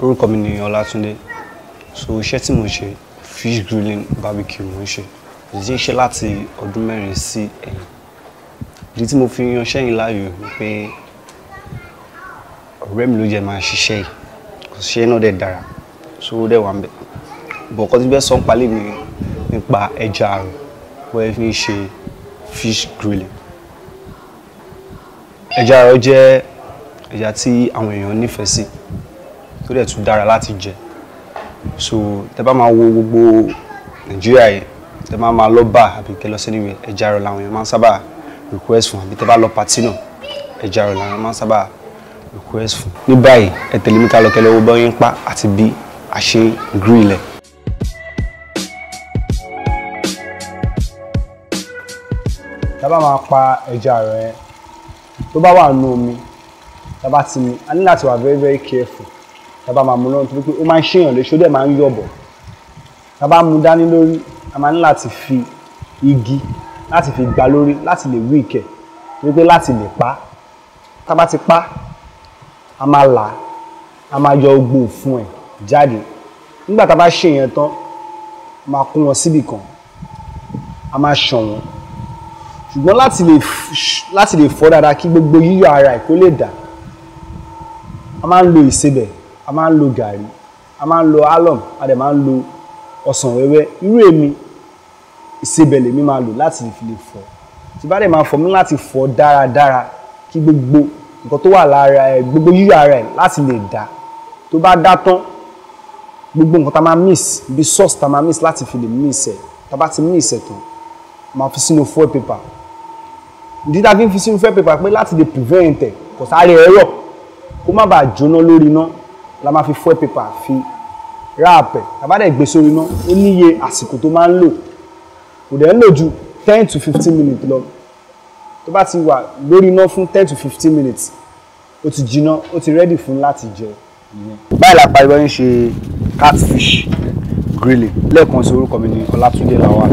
orúkọ mi ni Ọlátúndé so iṣẹ́ tí mo ṣe fish grilling barbecue mo ń ṣe ìdíje iṣẹ́ láti ọdún mẹ́rin sí ẹ̀yìn ìdí tí mo fi yan iṣẹ́ láàyò ni pé ọ̀rẹ́ mi ló jẹ́ máa ṣiṣẹ́ yìí kò ṣiṣẹ́ náà dẹ̀ dára so ó dẹ̀ wà ń bẹ̀ bọ̀ kọ́ tí bẹ́ẹ̀ sọ ń palẹ̀ mi nípa ẹja àrò wọ́n fi ń ṣe fish grilling ẹja àrò jẹ́ ẹja tí àwọn èèyàn nífẹ̀ẹ́ sí tó dẹ̀ tún dára láti jẹ so tẹ bá máa wo gbogbo nàìjíríà yẹn tẹ bá máa lọ bá àbí kẹ lọ sí níwèé ẹja rẹ làwọn yẹn máa ń sábà request fún àbí tẹ bá lọ pàtí náà ẹja rẹ làwọn yẹn máa ń sábà request fún. ní báyìí ẹ tẹ̀lé mi ká lọ kẹlẹ́ owó bọ́yìn pa àti bí a ṣe grill ilẹ̀. tábà máa pa ẹja rẹ tó bá wà nù omi tábà ti mi a ní láti wà very very careful tábà máa mú lọ́rùn torí pé ó máa ń ṣèyàn léṣe ó dẹ̀ máa ń yọ̀bọ̀ tábà mú dání lórí a máa ń láti fi igi láti fi gbá lórí láti lè wí ìkẹ̀ torí pé láti lè pa tábà ti pa a máa là a máa yọ gbogbo òfun ẹ̀ jáde nígbà tábà ṣèyàn tán a máa kó wọn síbì kan a máa ṣàn wọn ṣùgbọ́n láti lè fọ́ dáadáa kí gbogbo yíyọ ara ẹ̀ kó lè dà a máa ń lo ìsebẹ̀ a máa ń lo gàrí a máa ń lo alum a dẹ̀ máa ń lo ọsàn wẹ́wẹ́ irú èmi ìsebẹ̀ lèmi máa lò láti fi lè fọ̀ tí bá dẹ̀ máa fọ̀ mí láti fọ̀ dáradára kí gbogbo nǹkan tó wà lára ẹ̀ gbogbo yíyọ ara ẹ̀ láti lè dá tó bá dá tán gbogbo nǹkan tá a máa miss bí sauce tá máa miss láti fi lè miss ẹ̀ tá bá ti miss ẹ̀ tán máa fi sínú foil paper dídá fi ń fi sínú foil paper pé láti lè prevent ẹ̀ kò sáré ẹ̀rọ kó má bàa jóná lórí náà la máa fi fuel paper fi ráàpẹ̀ àbádẹ́ gbé sórí iná ó níye àsìkò tó máa ń lò kò dẹ̀ ń lò ju ten to fifteen minutes lọ tó bá ti wà lórí iná fún ten to fifteen minutes ó ti jiná ó ti ready fún láti jẹ ìyẹn. báyìí la parí bá ń ṣe catfish grilling lẹ́ẹ̀kan sí orúkọ mi ní Ọlátúndé Lawal.